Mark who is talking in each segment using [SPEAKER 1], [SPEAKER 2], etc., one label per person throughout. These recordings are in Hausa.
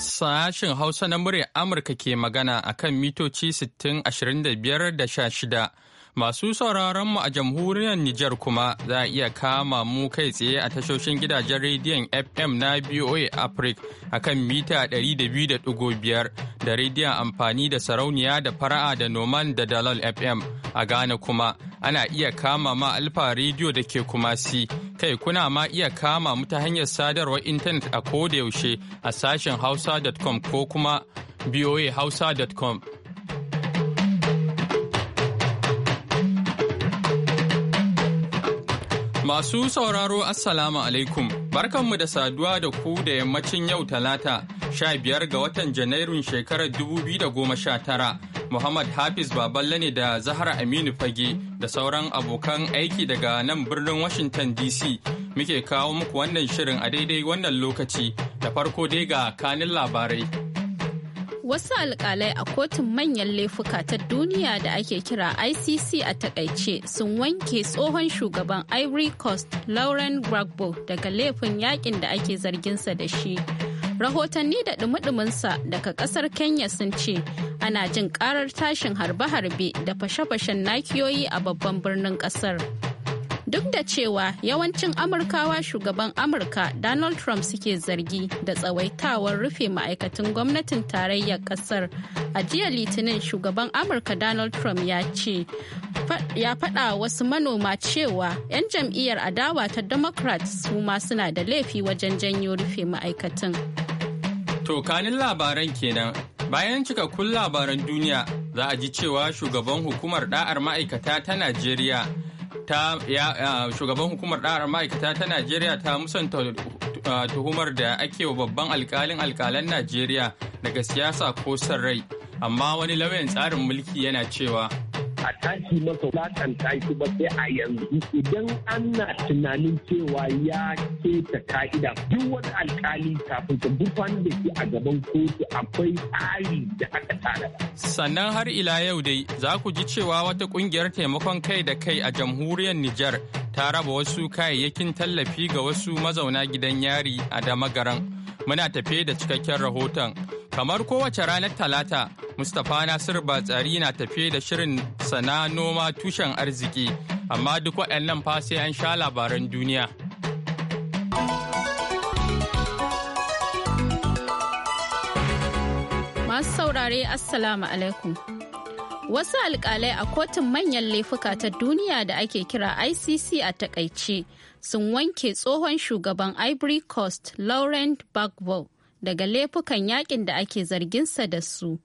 [SPEAKER 1] Sashen Hausa na muryar Amurka ke magana a kan mitoci 6025 da 16 Masu sauraron mu a jamhuriyar Nijar kuma za a iya kama mu kai tsaye a tashoshin gidajen rediyon FM na BOA Africa a kan mita 200.5 da rediyon amfani da sarauniya da fara'a da noman da dalal FM a Ghana kuma ana iya kama ma alfa rediyo da ke kumasi kai kuna ma iya kama mu ta hanyar sadarwar intanet a yaushe a sashen hausa.com ko kuma hausa.com Masu sauraro Assalamu alaikum, barkanmu da saduwa da ku da yammacin yau talata, sha biyar ga watan Janairun shekarar tara, Muhammad Hafiz Baballe ne da Zahra Aminu Fage da sauran abokan aiki daga nan birnin Washington DC muke kawo muku wannan shirin a daidai wannan lokaci da farko dai ga kanin labarai.
[SPEAKER 2] wasu alkalai a kotun manyan laifuka ta duniya da ake kira icc a takaice sun wanke tsohon shugaban ivory coast lauren gbagbo daga laifin yakin da ake zarginsa da shi rahotanni da dumudumunsa daga kasar kenya sun ce ana jin karar tashin harbe-harbe da fashe-fashen nakiyoyi a babban birnin kasar. duk da cewa yawancin amurkawa shugaban amurka donald trump suke zargi da tsawaitawar rufe ma'aikatan gwamnatin tarayyar kasar a jiya litinin shugaban amurka donald trump ya ce ya faɗa wasu manoma cewa 'yan jam'iyyar adawa ta Democrats su ma suna da laifi wajen janyo rufe ma'aikatan
[SPEAKER 1] Tokanin labaran kenan bayan cikakkun labaran duniya za a ji cewa shugaban hukumar da'ar ma'aikata ta najeriya ta shugaban hukumar ɗa'ar ma'aikata ta Najeriya ta musanta uh, tuhumar da ake wa babban alkalin alkalan Najeriya daga siyasa ko son rai, amma wani lauyan tsarin mulki yana cewa
[SPEAKER 3] a tashi masa ta shi ba sai a yanzu idan ana tunanin cewa ya ke ta ka'ida duk wani alkali kafin ta bufan da shi a gaban kotu akwai tsari da aka tara.
[SPEAKER 1] Sannan har ila yau dai za ku ji cewa wata kungiyar taimakon kai da kai a jamhuriyar Nijar ta raba wasu kayayyakin tallafi ga wasu mazauna gidan yari a Damagaran. muna tafe da cikakken rahoton. Kamar kowace ranar Talata, Mustapha Nasir Batsari na tafe da shirin sana noma tushen arziki, amma duk waɗannan fa an sha labaran duniya.
[SPEAKER 2] Masu saurare, Assalamu alaikum. Wasu alƙalai a kotun manyan laifuka ta duniya da ake kira ICC a takaice. sun wanke tsohon shugaban ivory coast laurent gbagbo daga laifukan yakin da ake zarginsa da su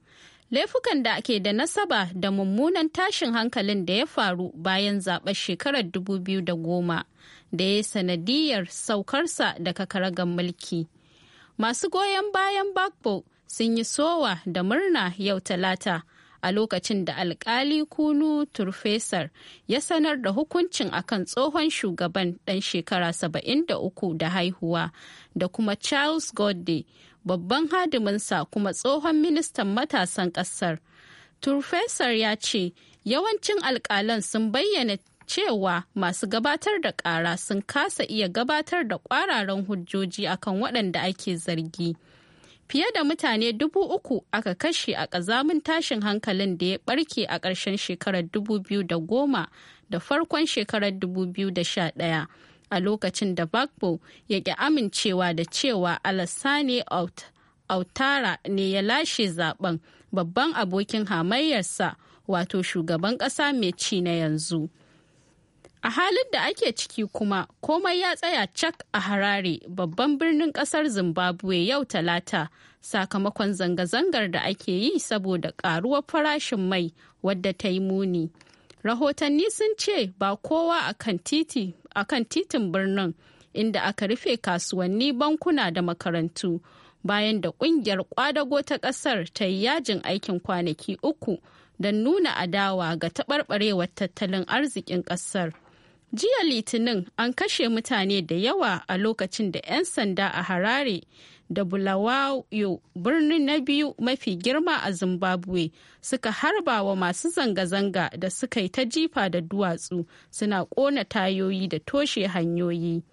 [SPEAKER 2] laifukan da ake da nasaba da mummunan tashin hankalin da ya faru bayan zaɓar shekarar 2010 da ya sanadiyar saukarsa daga karagar mulki masu goyon bayan gbagbo sun yi sowa da murna yau talata a lokacin da alkali kunu turfesar ya sanar da hukuncin akan tsohon shugaban ɗan shekara 73 da haihuwa da kuma charles godde babban hadiminsa kuma tsohon ministan matasan ƙasar turfesar ya ce yawancin alkalan sun bayyana cewa masu gabatar da ƙara sun kasa iya gabatar da ƙwararan hujjoji akan waɗanda ake zargi. fiye da mutane dubu uku aka kashe a ƙazamin tashin hankalin da ya ɓarke a ƙarshen shekarar 2010 da goma da farkon shekarar da sha 2011 a lokacin da Bagbo ya ƙi amincewa da cewa Alassane Autara ne ya lashe zaben babban abokin hamayyarsa wato shugaban ƙasa mai ci na yanzu. A halin da ake ciki kuma komai ya tsaya cak a Harare babban birnin kasar Zimbabwe yau talata sakamakon zanga-zangar da ake yi saboda karuwar farashin mai wadda ta yi muni. Rahotanni sun ce ba kowa a kan titin birnin inda aka rufe kasuwanni bankuna da makarantu bayan da kungiyar kwadago ta kasar ta yi yajin aikin kwanaki uku don nuna adawa ga taɓarɓarewar tattalin arzikin ƙasar. jiya litinin an kashe mutane da yawa a lokacin da 'yan sanda a harare da bulawayo birnin na biyu mafi girma a zimbabwe suka harba wa masu zanga-zanga da suka yi ta jifa da duwatsu suna kona tayoyi da toshe hanyoyi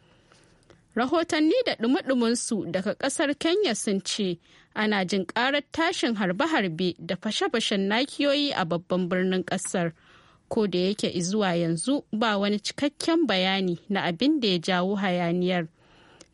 [SPEAKER 2] rahotanni da ɗumuɗumunsu daga ƙasar kenya sun ce ana jin karar tashin harbe-harbe da fashe-fashen nakiyoyi a babban birnin ƙasar. ko da yake zuwa yanzu ba wani cikakken bayani na abin da ya jawo hayaniyar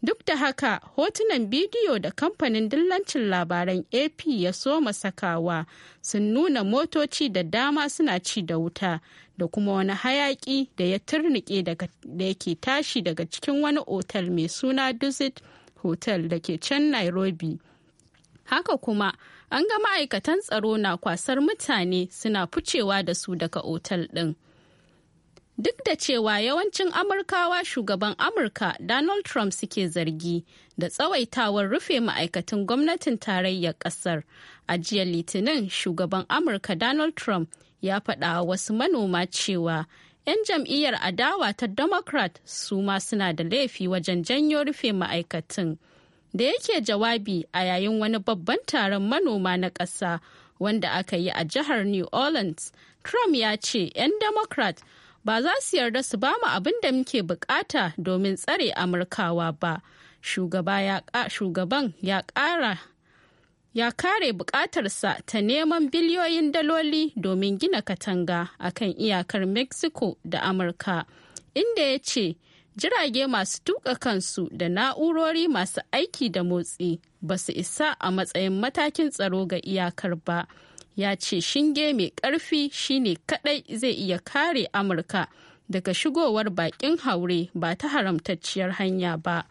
[SPEAKER 2] duk da haka hotunan bidiyo da kamfanin dillancin labaran ap ya soma sakawa sun nuna motoci da dama suna ci da wuta da kuma wani hayaki da ya turnike da yake tashi daga cikin wani otal mai suna Dusit hotel da ke can nairobi haka kuma an ga ma'aikatan tsaro na kwasar mutane suna ficewa da su daga otal ɗin. Duk da cewa yawancin Amurkawa shugaban Amurka Donald Trump suke zargi da tsawaitawar rufe ma'aikatan gwamnatin tarayyar ƙasar. A jiya Litinin shugaban Amurka Donald Trump ya faɗa wasu manoma cewa 'yan jam'iyyar adawa ta Democrat su ma suna da laifi wajen janyo rufe ma'aikatan. da yake jawabi a yayin wani babban taron manoma na ƙasa wanda aka yi a jihar new orleans trump ya ce 'yan democrat ba za su yarda su ba mu abin da muke bukata domin tsare amurkawa ba shugaban ya ƙara ya kare bukatarsa ta neman biliyoyin daloli domin gina katanga a kan iyakar mexico da amurka inda ya ce jirage masu tuka kansu da na'urori masu aiki da motsi ba su isa a matsayin matakin tsaro ga iyakar ba ya ce shinge mai karfi shine kadai zai iya kare amurka daga shigowar bakin haure ba ta haramtacciyar hanya ba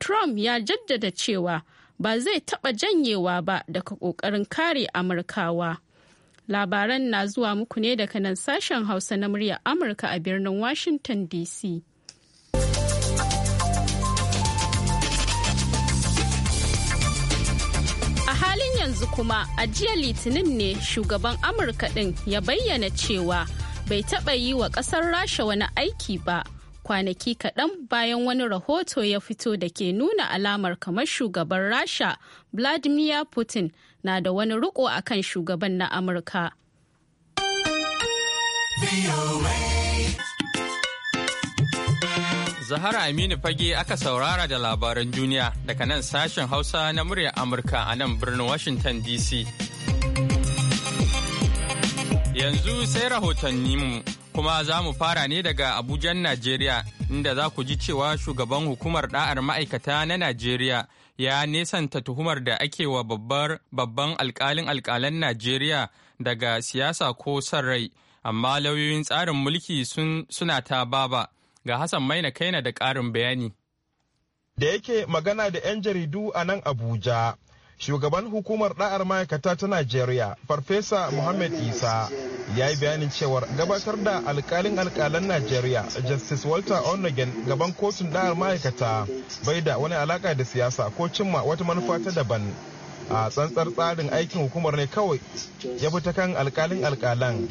[SPEAKER 2] trump ya jaddada cewa ba zai taɓa janyewa ba daga ƙoƙarin kare amurkawa labaran na zuwa muku ne daga nan sashen hausa na murya amurka a birnin washington dc yanzu kuma a jiya litinin ne shugaban amurka ɗin ya bayyana cewa bai taɓa yi wa ƙasar rasha wani aiki ba kwanaki kaɗan bayan wani rahoto ya fito da ke nuna alamar kamar shugaban rasha vladimir putin na da wani riko kan shugaban na amurka.
[SPEAKER 1] Zahara Aminu Fage aka saurara da labaran duniya daga nan sashen Hausa na muryar Amurka a nan birnin Washington DC. Yanzu sai rahotanninmu kuma za mu fara ne daga Abujan Najeriya inda za ku ji cewa shugaban hukumar da'ar ma'aikata na Najeriya ya nesanta tuhumar da ake wa babban alkalin alkalan Najeriya daga siyasa ko son rai, amma lauyoyin tsarin mulki suna ta baba. Ga Hassan Maina na da ƙarin bayani.
[SPEAKER 4] Da yake magana da 'yan jaridu a nan Abuja, shugaban hukumar da'ar ma'aikata ta Najeriya, Farfesa Muhammad Isa, ya yi bayanin cewar gabatar da alkalin alkalan Najeriya, Justice Walter Onnegan gaban kotun da'ar ma'aikata bai da wani alaƙa da siyasa ko cimma wata manufa ta daban. a tsantsar tsarin aikin hukumar ne kawai ya fi ta kan alkalin alkalan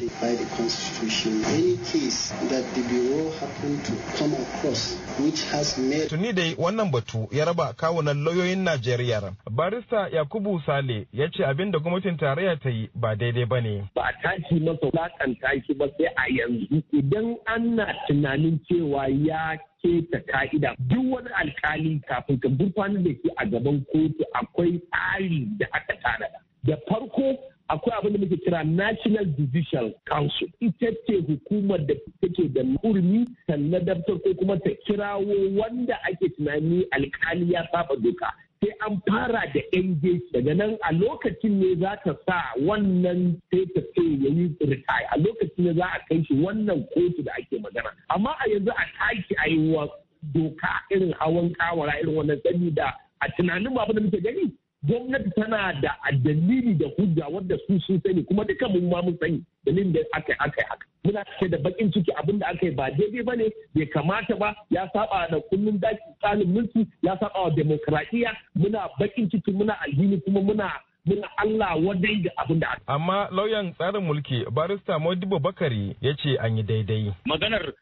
[SPEAKER 4] tuni dai wannan batu ya raba kawunan lauyoyin najeriya barista yakubu sale ya ce abin da gwamnatin tarayya ta yi ba daidai ba ne ba a tashi
[SPEAKER 3] masa wulakanta shi ba sai a yanzu idan ana tunanin cewa ya keta ka'ida duk wani alkali kafin ka gurfanar da shi a gaban kotu akwai tsari da aka tanada da farko akwai abin da muke kira National Judicial Council ita ce hukumar da take da urmi sannan dabtar ko kuma ta kirawo wanda ake tunani alkali ya saba doka sai an fara da engage daga nan a lokacin ne za ta sa wannan sai ya yi retire a lokacin ne za a kai shi wannan kotu da ake magana amma a yanzu a taki a yi wa doka irin hawan kawara irin wannan da a tunanin babu da muke gani gwamnati tana da dalili da hujja wadda su sun sani kuma duka mun ma mun sani dalilin da aka yi aka haka muna ce da bakin ciki abin da aka yi ba daidai ba ne bai kamata ba ya saba da kullum daki tsarin mulki ya saba wa demokradiyya muna bakin ciki muna alhini kuma muna muna Allah wadai da abin da aka amma
[SPEAKER 4] lauyan tsarin mulki barista Modibo Bakari ya ce an yi daidai
[SPEAKER 3] maganar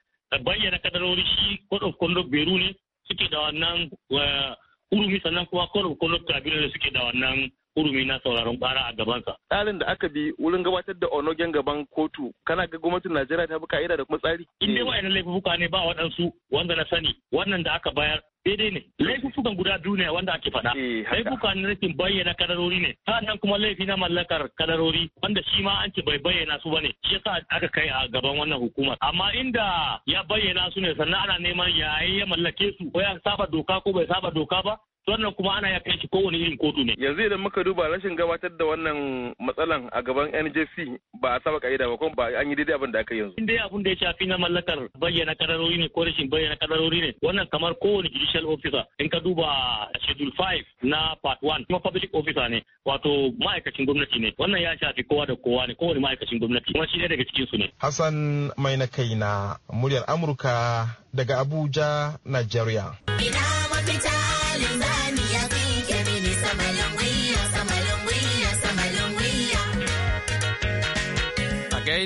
[SPEAKER 3] bayyana kadarori shi code beru ne suke da wannan eh, kurmi sannan kuma kowane kabilar da suke da wannan kurumi na sauraron ƙara a gabansa. Tsarin da aka bi wurin gabatar da onogen gaban kotu kana ga gwamnatin Najeriya ta bi ka'ida da kuma tsari. In dai wa'annan laifuka ne ba waɗansu wanda na sani wannan da aka bayar daidai ne laifukan guda biyu ne wanda ake faɗa eh, laifuka na rashin bayyana kadarori ne Sa'annan kuma laifi na mallakar kadarori wanda shi ma an ce bai bayyana su ne. shi yasa aka kai a gaban wannan hukumar amma inda ya bayyana su ne sannan ana neman yayi ya mallake su ko ya saba doka ko bai saba doka ba wannan kuma ana ya kai shi kowane irin kotu ne.
[SPEAKER 4] Yanzu idan muka duba rashin gabatar da wannan matsalan a gaban NJC ba a saba ka'ida ba kuma ba an yi daidai abin da aka yanzu.
[SPEAKER 3] Inda abin da ya shafi na mallakar bayyana kadarori ne ko rashin bayyana kadarori ne wannan kamar kowane judicial officer in ka duba schedule 5 na part 1 kuma public officer ne wato ma'aikacin gwamnati ne wannan ya shafi kowa da kowa ne kowane ma'aikacin gwamnati kuma shi ne daga cikin su ne.
[SPEAKER 4] Hassan mai na kai na muryar Amurka daga Abuja, Najeriya.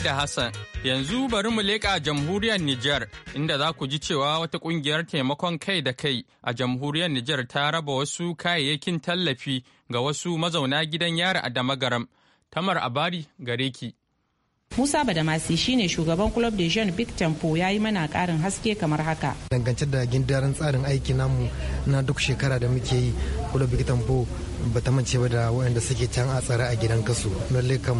[SPEAKER 1] da Hassan. Yanzu bari mu leƙa jamhuriyar Nijar, inda za ku ji cewa wata ƙungiyar taimakon kai da kai a jamhuriyar Nijar ta raba wasu kayayyakin tallafi ga wasu mazauna gidan yari a Damagaram. Tamar Abari gare ki.
[SPEAKER 5] Musa Badamasi shine shugaban Club de Jean Big Tempo ya yi mana karin haske kamar haka.
[SPEAKER 6] Dangance da gindarin tsarin aiki namu na duk shekara da muke yi Club Big Tempo ba ta mance ba da waɗanda suke can a tsare a gidan kasu. Lalle kam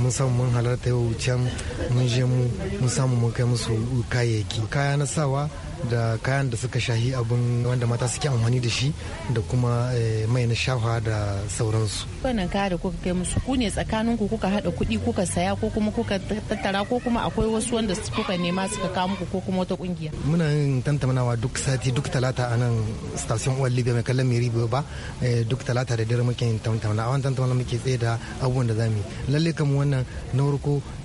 [SPEAKER 6] mun samu mun halarta yau can mun je mu mun samu mun kai musu kayayyaki. Kaya na sawa da kayan da suka shahi abin wanda mata suke amfani da shi da kuma eh, mai na shafa da sauransu.
[SPEAKER 5] Wannan kaya da kuka kai musu kune ne tsakanin ku kuka hada kuɗi kuka saya ko kuma kuka tattara ko kuma akwai wasu wanda kuka nema suka kawo muku ko kuma wata kungiya.
[SPEAKER 6] Muna yin tantamanawa duk sati duk talata a nan station Uwar Libya mai kallon Meri ba eh, duk talata da dare muke yin tantamana a wannan tantamana muke tsaye da abubuwan da zamu yi. Lalle kamar wannan na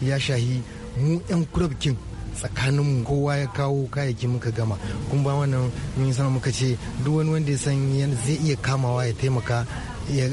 [SPEAKER 6] ya shahi mu 'yan kurabkin tsakanin mu kowa ya kawo kayayyaki muka gama kun ba wannan mun san muka ce duk wani wanda ya san zai iya kamawa ya taimaka ya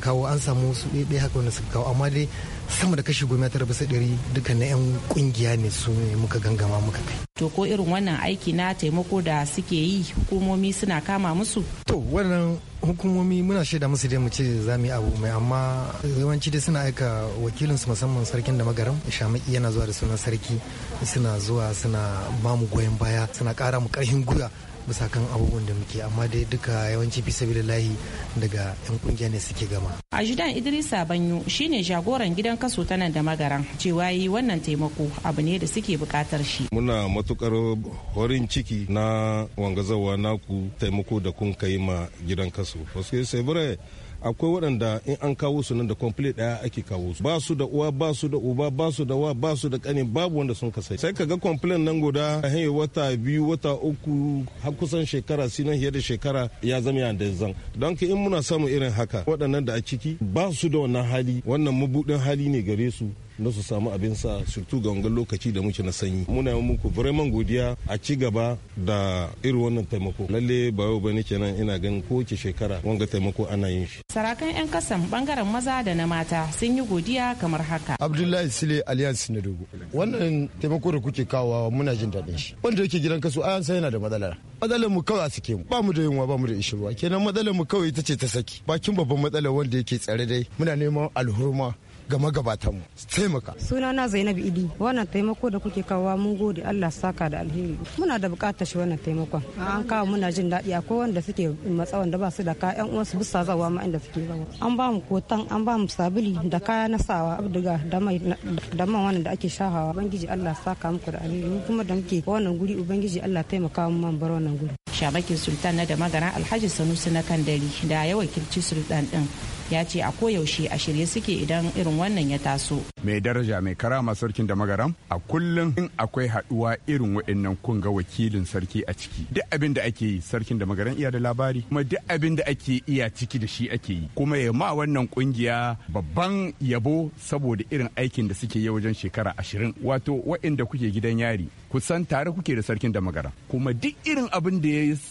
[SPEAKER 6] kawo an samu su ɗaya haka wanda suka kawo amma dai sama da kashi goma tara bisa ɗari duka na 'yan kungiya ne su ne muka gangama muka kai.
[SPEAKER 5] To ko irin wannan aiki na taimako da suke yi hukumomi suna kama musu?
[SPEAKER 6] To wannan hukumomi muna shaida musu dai mu ce za mu yi abu mai amma yawanci dai suna aika wakilinsu musamman sarkin da magaram shamaki yana zuwa da sunan sarki suna zuwa suna ba mu goyon baya suna kara mu karfin gwiwa bisa kan abubuwan da muke amma dai duka yawanci fi lahi daga yan kungiya ne suke gama
[SPEAKER 5] ajidan idrisa banyo shine jagoran gidan kaso ta nan da magaran cewa yi wannan taimako abu ne da suke bukatar shi
[SPEAKER 4] muna matukar horin ciki na wangazawa naku taimako da kun kai ma gidan kaso wasu akwai waɗanda in an kawo su nan da complete ɗaya ake kawo su ba su da uwa ba su da uba ba su da wa ba su da ƙani babu wanda sun kasai sai ka ga complete nan guda a hanyar wata biyu wata uku har kusan shekara sinan fiye da shekara ya zama yanda zan don ka in muna samun irin haka waɗannan da a ciki ba su da wannan hali wannan mabuɗin hali ne gare su na su samu abin sa surtu ga wangan lokaci da muke na sanyi muna yi muku vraiment godiya a ci gaba da irin wannan taimako lalle ba yau bane kenan ina ganin kowace shekara wanga taimako ana yin shi
[SPEAKER 5] sarakan yan kasan bangaren maza da na mata sun yi godiya kamar haka abdullahi sile alliance
[SPEAKER 4] na dogo wannan taimako da kuke kawowa muna jin daɗin shi wanda yake gidan kasu ayan sai yana da matsala matsalar mu kawai suke mu ba mu da yunwa ba mu da ishirwa kenan matsalar mu kawai ita ce ta saki bakin babban matsalar wanda yake tsare dai muna neman alhurma ga magabatanmu su taimaka.
[SPEAKER 1] Sunana Zainabu Idi wannan taimako da kuke kawo mun gode Allah saka da alheri. Muna da bukatar shi wannan taimakon.
[SPEAKER 2] An kawo muna jin daɗi akwai wanda suke matsawan da ba su da kaya ƴan uwansu bisa zawa ma inda suke zawa. An ba mu kotan an ba mu sabili da kaya na sawa abduga da mai da man wannan
[SPEAKER 5] da ake shahawa. Ubangiji Allah saka muku da alheri mu kuma da muke wannan guri Ubangiji Allah taimaka mu man bar wannan guri. Shabakin Sultan na da magana Alhaji Sanusi na Kandari da ya wakilci Sultan din ya ce a koyaushe a shirye suke idan irin wannan ya taso.
[SPEAKER 4] Mai daraja mai karama sarkin da magaram a kullum in akwai haduwa irin waɗannan kunga wakilin sarki a ciki. Duk abin da ake yi sarkin da magaram iya da labari kuma duk abin da ake iya ciki da shi ake yi kuma ya ma wannan kungiya babban yabo saboda irin aikin da suke yi wajen shekara ashirin wato waɗanda kuke gidan yari kusan tare kuke da sarkin damagara kuma duk irin abin da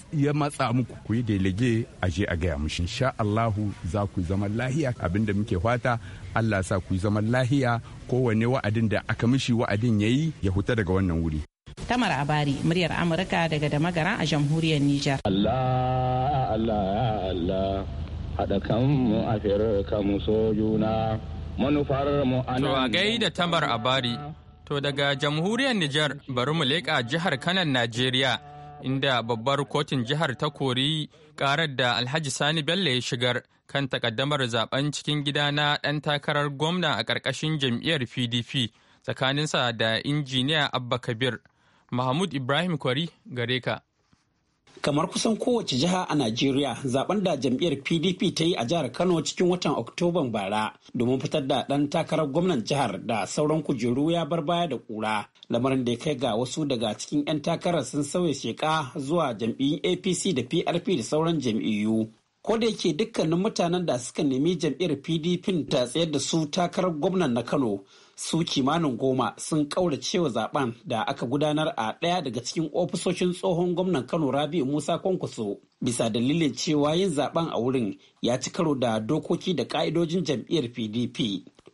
[SPEAKER 4] ya matsa muku ku yi delege a je a gaya mushi sha Allahu za ku zama lahiya abin da muke fata Allah sa ku zama lahiya kowane wa'adin da aka mishi wa'adin yayi ya huta daga wannan wuri
[SPEAKER 5] Tamar Abari muryar Amurka daga da a jamhuriyar Nijar Allah Allah Allah kan mu a mu so juna manufar mu a
[SPEAKER 1] gaida Tamar Abari To daga jamhuriyar Nijar bari mu leƙa jihar Kanan Najeriya inda babbar kotun jihar ta kori ƙarar da Alhaji Sani Bello ya shigar kan takaddamar zaben cikin gida na ɗan takarar gwamna a ƙarƙashin jam'iyyar PDP tsakaninsa da injiniya Abba Kabir. Mahmud Ibrahim Kwari gare ka.
[SPEAKER 7] kamar kusan kowace jiha a najeriya zaben da jam'iyyar pdp ta yi a jihar kano cikin watan oktoban bara domin fitar da ɗan takarar gwamnan jihar da sauran kujeru ya bar baya da kura lamarin da ya kai ga wasu daga cikin 'yan takarar sun sauya sheka zuwa jam'iyyun apc da prp da sauran jam'iyyu ko da yake dukkanin mutanen da suka nemi jam'iyyar pdp ta tsayar da su takarar gwamnan na kano su kimanin goma sun cewa zaben da aka gudanar a ɗaya daga cikin ofisoshin tsohon gwamnan kano rabi musa kwankwaso bisa dalilin cewa yin zaben a wurin ya ci karo da dokoki da ka'idojin jam'iyyar pdp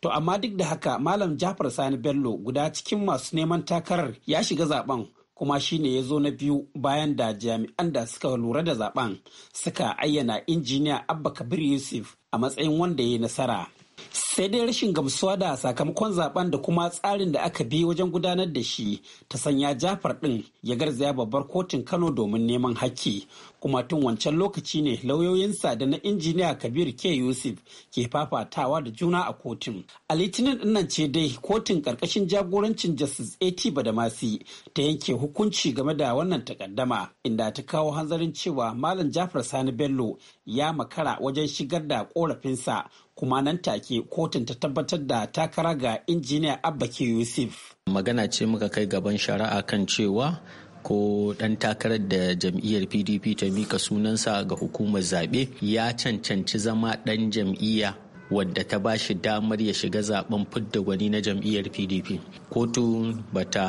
[SPEAKER 7] to amma duk da haka malam jafar sani bello guda cikin masu neman takarar ya shiga zaben kuma shine ya zo na biyu bayan da jami'an da suka lura da zaben suka ayyana injiniya abba kabir yusuf a matsayin wanda ya yi nasara sai dai rashin gamsuwa da sakamakon zaben da kuma tsarin da aka bi wajen gudanar da shi ta sanya jafar ɗin ya garzaya babbar kotun kano domin neman hakki kuma tun wancan lokaci ne lauyoyinsa da na injiniya kabir ke yusuf ke fafatawa da juna a kotun a litinin dinnan ce dai kotun karkashin jagorancin justice at badamasi ta yanke hukunci game da wannan takaddama inda ta kawo hanzarin cewa malam jafar sani bello ya makara wajen shigar da korafinsa kuma nan take kotun ta tabbatar da takara ga injiniya abba yusuf magana ce muka kai gaban shari'a kan cewa ko ɗan takarar da jam'iyyar pdp ta mika sunansa ga hukumar zaɓe ya cancanci zama ɗan jam'iyya wadda ta ba shi damar ya shiga zaben fidda gwani na jam'iyyar pdp kotun bata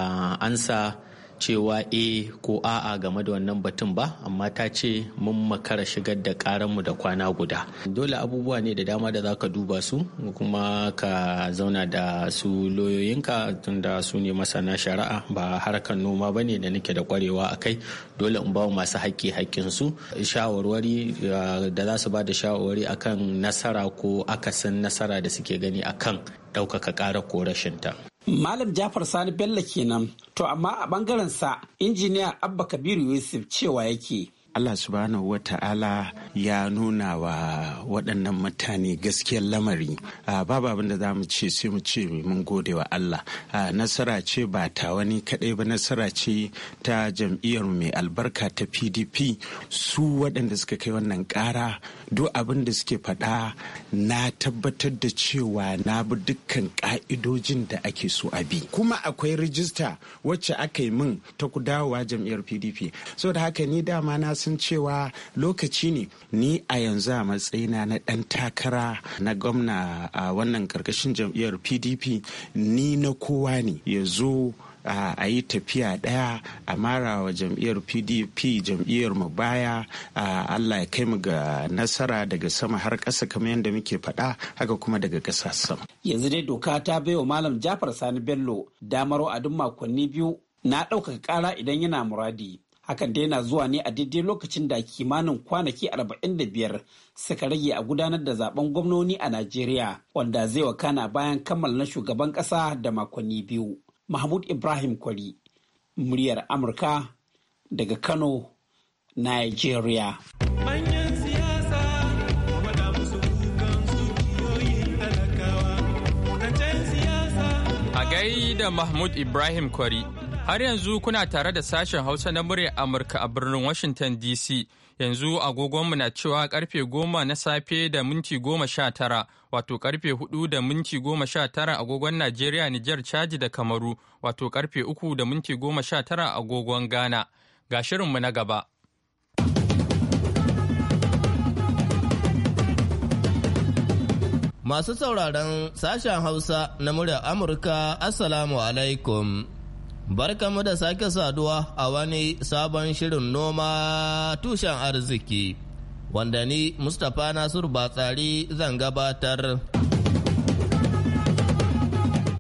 [SPEAKER 7] ansa cewa e ko a'a game da wannan batun ba amma ta ce mun makara shigar da karanmu da kwana guda dole abubuwa ne da dama da za ka duba su kuma ka zauna da su loyoyinka tunda su ne masana shari'a ba harkar noma ba ne da nake da kwarewa a kai dole in ba masu haƙƙi haƙƙinsu shawarwari da za su ba da shawarwari akan nasara ko akasin nasara da suke gani akan ɗaukaka ƙara ko rashinta Malam Jafar Sani Bello kenan, to amma a bangaren sa injiniya Abba Kabiru Yusuf cewa yake. Allah subhanahu wa ta'ala ya nuna wa waɗannan mutane gaskiyar lamari babu abin da za mu ce sai mu ce mun gode wa Allah nasara ce ba ta wani kaɗai ba nasara ce ta jam'iyyar mai albarka ta pdp su waɗanda suka kai wannan ƙara duk abin da suke faɗa na tabbatar da cewa na bi dukkan ka'idojin da ake so a bi kuma akwai rijista wacce aka yi min ta dawowa jam'iyyar pdp saboda haka ni dama na san cewa lokaci ne ni a yanzu a matsayina na ɗan takara na gwamna a wannan karkashin jam'iyyar pdp ni na kowa ne ya zo a yi tafiya ɗaya a mara wa jam'iyyar pdp jam'iyyar mu baya allah ya kai mu ga nasara daga sama har ƙasa kamar yadda muke faɗa haka kuma daga ƙasa sama yanzu dai doka ta baiwa malam jafar sani bello damar duk makonni biyu na ɗaukaka ƙara idan yana muradi hakan dai yana zuwa ne a daidai lokacin da kimanin kwanaki arba'in da biyar suka rage a gudanar da zaben gwamnoni a najeriya wanda zai wakana bayan kammala na shugaban ƙasa da makonni biyu Mahmud Ibrahim Kwari, muryar Amurka daga Kano, Nigeria.
[SPEAKER 1] A gaida Mahmud Ibrahim Kwari Har yanzu kuna tare da sashen Hausa na murya Amurka a birnin Washington DC. Yanzu agogonmu na cewa karfe goma na safe da minti goma sha tara, wato karfe hudu da minti goma sha tara agogon Najeriya, Nijar, Caji da Kamaru, wato karfe uku da minti goma sha tara agogon Ghana. Ga shirinmu na gaba.
[SPEAKER 8] Masu sauraron sashen Hausa na murya Amurka, Assalamu alaikum. Barkamu da sake saduwa a wani sabon shirin noma tushen arziki wanda ni Mustapha Nasiru Batsari zan gabatar.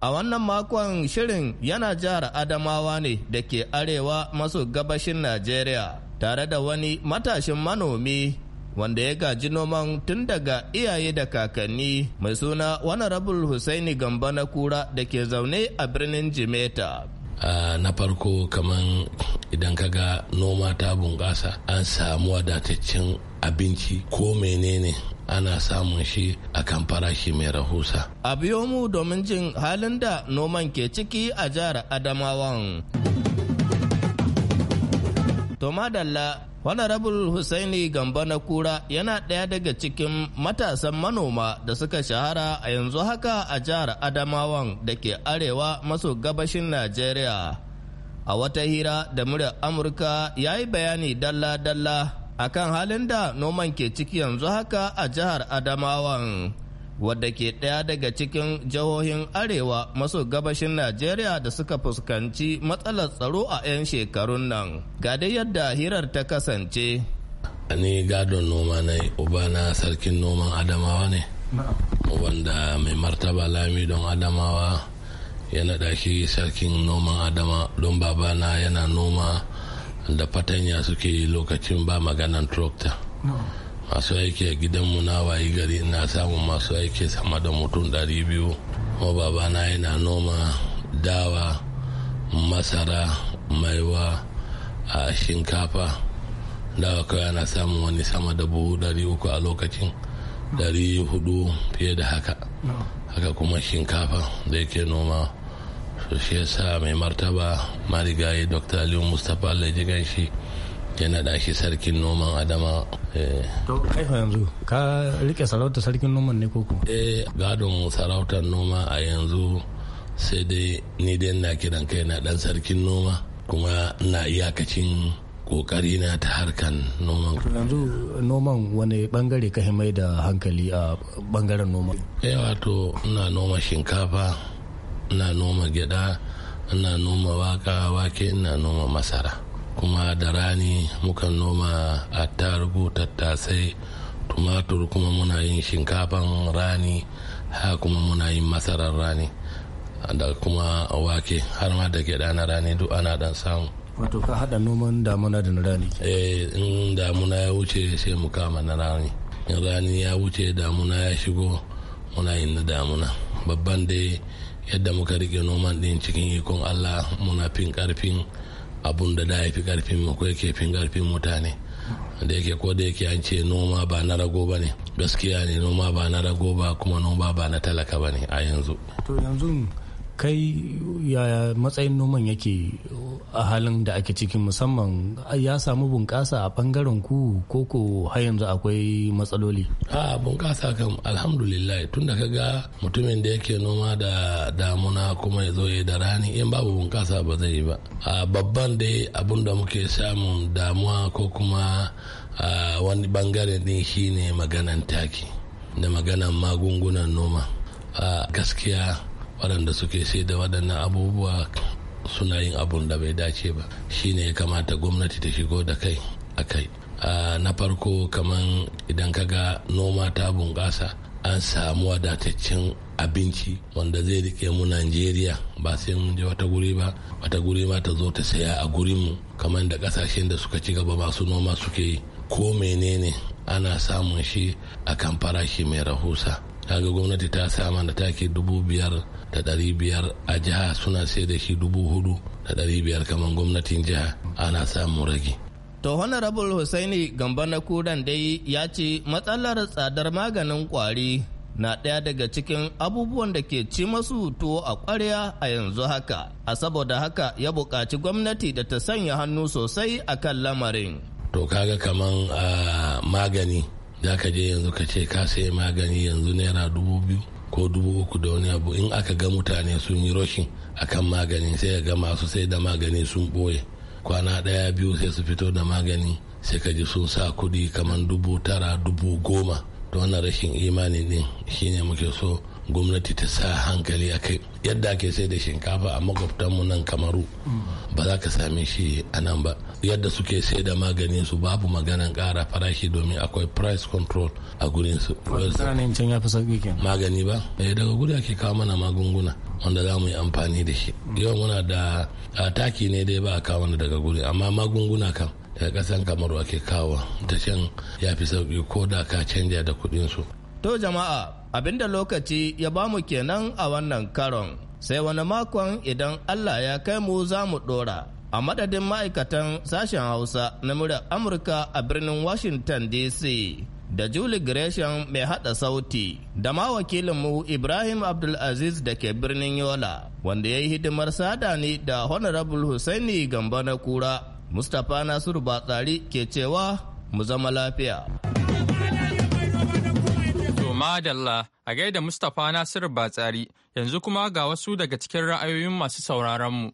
[SPEAKER 8] A wannan makon shirin yana jihar Adamawa ne da ke arewa maso gabashin Najeriya tare da wani matashin manomi wanda ya gaji noman tun daga iyaye da kakanni mai suna wani rabul Husaini Gamba na kura da ke zaune a birnin Jimeta.
[SPEAKER 9] Ah, na farko kamar idan ka ga noma ta bunƙasa an samu wadataccen abinci ko menene ana samun shi a kan farashi mai rahusa.
[SPEAKER 8] A biyo mu domin jin halin da noman ke ciki a jihar Adamawan. Tomadalla Honorable husaini Gamba na Kura yana ɗaya daga cikin matasan manoma da suka shahara a yanzu haka a jihar Adamawan da ke arewa maso gabashin Najeriya. A wata hira da murya Amurka ya yi bayani dalla-dalla a kan halin da noman ke ciki yanzu haka a jihar Adamawan. wadda ke ɗaya daga cikin jihohin arewa maso gabashin najeriya da suka fuskanci matsalar tsaro a 'yan shekarun nan ga dai yadda hirar ta
[SPEAKER 9] kasance ni gadon noma ne na sarkin noman adamawa ne wanda mai martaba lami don adamawa yana shi sarkin noman adama don babana yana noma da fatanya suke lokacin ba maganan tractor masu aiki a gidanmu na wayi gari na samun masu aiki sama da mutum 200 kuma babana yana noma dawa masara maiwa a shinkafa dawa kawai ana samun wani sama da buhu 300 a lokacin 400 fiye da haka haka kuma shinkafa da yake noma su shi mai martaba marigayi dr aliyu mustapha lajigan shi yana da shi sarkin noman adama eh. to
[SPEAKER 8] aiko yanzu ka rike sarauta sarkin noman ne koko
[SPEAKER 9] eh gadon sarautar noma a yanzu sai dai ni dai na kiran kai na dan sarkin noma kuma na iyakacin kokari na ta harkan noman
[SPEAKER 8] yanzu noman wani bangare ka mai da hankali a
[SPEAKER 3] bangaren noma
[SPEAKER 9] eh wato ina noma shinkafa ina noma gyada ina noma waka wake ina noma masara kuma da rani muka noma a attarugu tattasai tumatur kuma muna yin shinkafan rani ha kuma muna yin masarar rani da kuma wake har ma da gyada na rani duk ana dan samu
[SPEAKER 8] wato ka hada noman damuna da rani
[SPEAKER 9] eh in damuna ya wuce sai mu kama na rani in rani ya wuce damuna ya shigo muna yin na damuna babban dai yadda muka rike noman din cikin ikon allah muna fin karfin abun da da ya fi karfin mu ko yake fin karfin mutane da yake ko da yake an ce noma ba na rago ba ne gaskiya ne noma ba na rago ba kuma noma ba na talaka ba ne a yanzu
[SPEAKER 8] to yanzu kai yaya matsayin noman yake a halin da ake cikin musamman ya samu bunƙasa a ɓangaren ku koko har yanzu akwai matsaloli
[SPEAKER 9] a bunƙasa kan alhamdulillah tun da kaga mutumin da yake noma da damuna kuma ya zo ya da rani in babu bunƙasa ba zai yi ba a babban dai abun da muke samun damuwa ko kuma wani bangare din shine maganan taki da maganan magungunan noma a gaskiya waɗanda suke sai da waɗannan abubuwa suna yin abun da bai dace ba shine ya kamata gwamnati ta shigo da kai a kai na farko kaman idan ka ga noma ta bunƙasa an samu wadataccen abinci wanda zai rike mu Najeriya ba sai mun je wata guri ba wata guri ma ta zo ta saya a mu kamar da kasashen da suka ci gaba masu noma suke yi ko menene ana samun shi a kan farashi mai rahusa kaga gwamnati ta samu da take dubu biyar da ɗari biyar a jiha suna sai da shi dubu hudu da ɗari biyar kamar gwamnatin jiha ana samu rage
[SPEAKER 8] To Honorable Hussaini Gamba na Kudan dai ya ce matsalar tsadar maganin kwari na ɗaya daga cikin abubuwan da ke ci masu tuwo a ƙwarya a yanzu haka, a saboda haka ya buƙaci gwamnati da ta sanya hannu sosai a kan lamarin.
[SPEAKER 9] To kaga kaman a ah, magani, za ka je yanzu ka ce ka sayi magani yanzu naira dubu biyu, ko dubu uku da wani abu in aka ga mutane sun yi rashin a kan magani sai ga masu sai da magani sun ɓoye kwana ɗaya biyu sai su fito da magani sai ka ji sun sa kuɗi kamar dubu tara dubu goma to wannan rashin imani din shine muke so gwamnati ta sa hankali a kai yadda ake sai da shinkafa a mu nan kamaru ba za ka same shi a nan ba yadda suke sai da maganin su babu maganan kara farashi domin akwai price control a gurin su magani ba eh, daga guri ake kawo mana magunguna wanda za mu yi amfani da shi yau muna da taki ne dai ba a kawo mana daga guri amma magunguna kam daga kasan kamaru ake kawo ta can ya fi sauki ko da ka canja da kuɗin su to
[SPEAKER 8] jama'a Abin da lokaci ya bamu kenan a wannan karon sai wani makon idan allah ya kai mu za mu dora a madadin ma'aikatan sashen hausa na murar amurka a birnin washington dc da Julie Gresham mai hada sauti da ma wakilinmu Ibrahim Abdulaziz da ke birnin Yola wanda ya yi hidimar sada ne da Honorable Hussaini Gamba na Kura. Mustapha Nasiru Batsari ke cewa mu zama lafiya.
[SPEAKER 1] Madalla a gaida Mustapha Nasiru Batsari yanzu kuma ga wasu daga cikin ra'ayoyin masu sauraronmu. mu.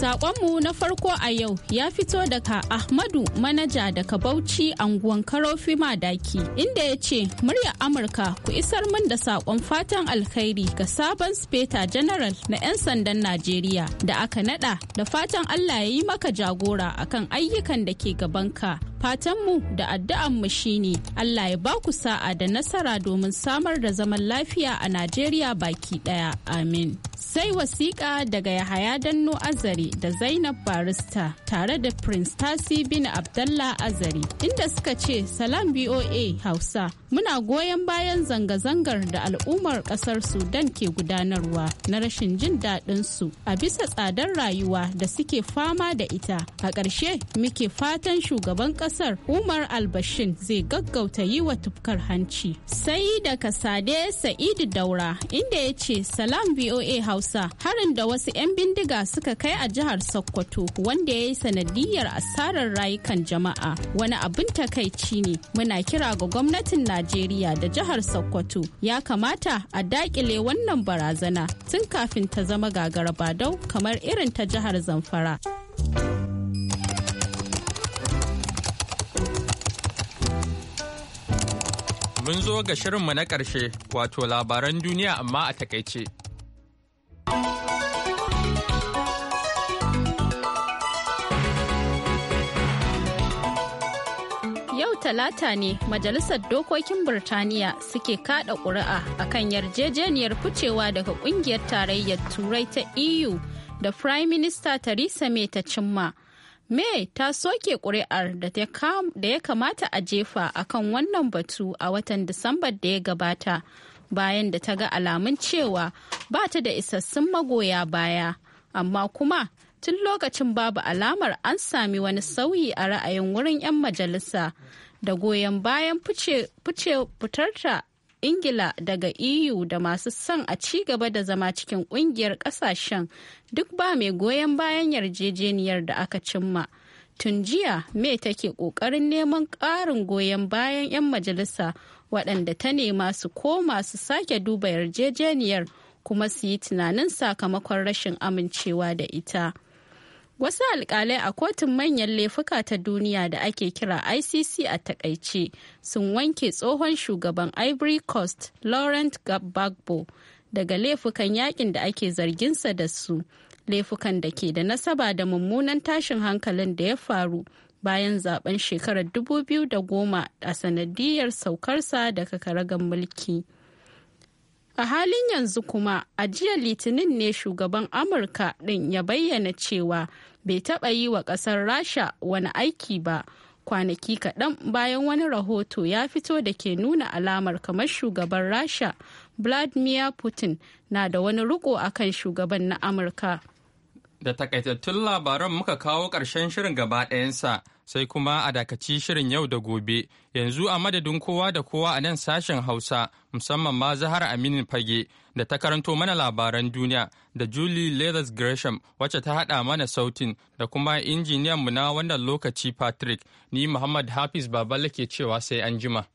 [SPEAKER 2] Sakonmu na farko a yau ya fito daga Ahmadu Manaja daga Bauchi anguwan Karofi Madaki inda ya ce muryar Amurka ku isar mun da sakon fatan alkhairi ga sabon speta general na 'yan sandan Najeriya da aka nada da fatan Allah ya yi maka jagora akan ayyukan da ke gabanka Fatanmu da addu'anmu shine Allah ya ba ku sa'a da nasara domin samar da zaman lafiya a Najeriya baki ɗaya. Amin. Sai wasiƙa daga Yahaya Danno Azari da Zainab Barista tare da Prince Tasi bin Abdallah Azari inda suka ce Salam BOA Hausa muna goyon bayan zanga-zangar da al'ummar ƙasar Sudan ke gudanarwa na rashin jin daɗin su a bisa tsadar rayuwa da suke fama da ita. A ƙarshe muke fatan shugaban ƙasa kasar umar albashin zai gaggauta yi wa tufkar hanci sai daga sade sa'idu daura inda ya ce salam voa hausa harin da wasu 'yan bindiga suka kai a jihar sokoto wanda ya yi sanadiyar asarar rayukan jama'a wani abin takaici ne muna kira ga gwamnatin najeriya da jihar sokoto ya kamata a dakile wannan barazana tun kafin ta zama gagara badau kamar irin ta jihar zamfara.
[SPEAKER 1] Mun zo ga shirinmu na ƙarshe wato labaran duniya amma a takaice.
[SPEAKER 2] Yau Talata ne Majalisar Dokokin Birtaniya suke kada ƙuri'a akan yarjejeniyar ficewa daga ƙungiyar tarayyar Turai ta EU da Prime Minister Theresa May ta cimma. May ta soke ƙuri'ar da ya kamata a jefa a kan wannan batu a watan Disambar da ya gabata bayan da ta ga alamun cewa ba ta da isassun magoya baya, amma kuma tun lokacin babu alamar an sami wani sauyi a ra'ayin wurin 'yan majalisa da goyon bayan fitarta ingila daga eu da masu son a ci gaba da zama cikin kungiyar kasashen duk ba mai goyon bayan yarjejeniyar da aka cimma tun jiya mai take kokarin neman ƙarin goyon bayan 'yan majalisa waɗanda ta nema su koma su sake duba yarjejeniyar kuma su yi tunanin sakamakon rashin amincewa da ita. wasu alkalai a kotun manyan laifuka ta duniya da ake kira icc a takaice sun wanke tsohon shugaban ivory coast laurent gbagbo daga laifukan yakin da ake zarginsa da su laifukan da ke da nasaba da mummunan tashin hankalin da ya faru bayan zaben shekarar 2010 a sanadiyar saukarsa daga karagan mulki. A halin yanzu kuma, a jiya Litinin ne shugaban Amurka ɗin ya bayyana cewa bai taɓa yi wa ƙasar rasha wani aiki ba kwanaki kaɗan bayan wani rahoto ya fito da ke nuna alamar kamar shugaban rasha vladimir putin na da wani riko akan shugaban na amurka
[SPEAKER 1] da takaitattun labaran muka kawo ƙarshen shirin gaba ɗayansa sai kuma a dakaci shirin yau da gobe yanzu a madadin kowa da kowa a nan sashen hausa musamman ma zahara aminu fage da ta karanto mana labaran duniya da Julie Leathers Gresham wacce ta haɗa mana sautin da kuma injiniyanmu na wannan lokaci Patrick, ni Muhammad Hafiz Babalake ke cewa sai an jima.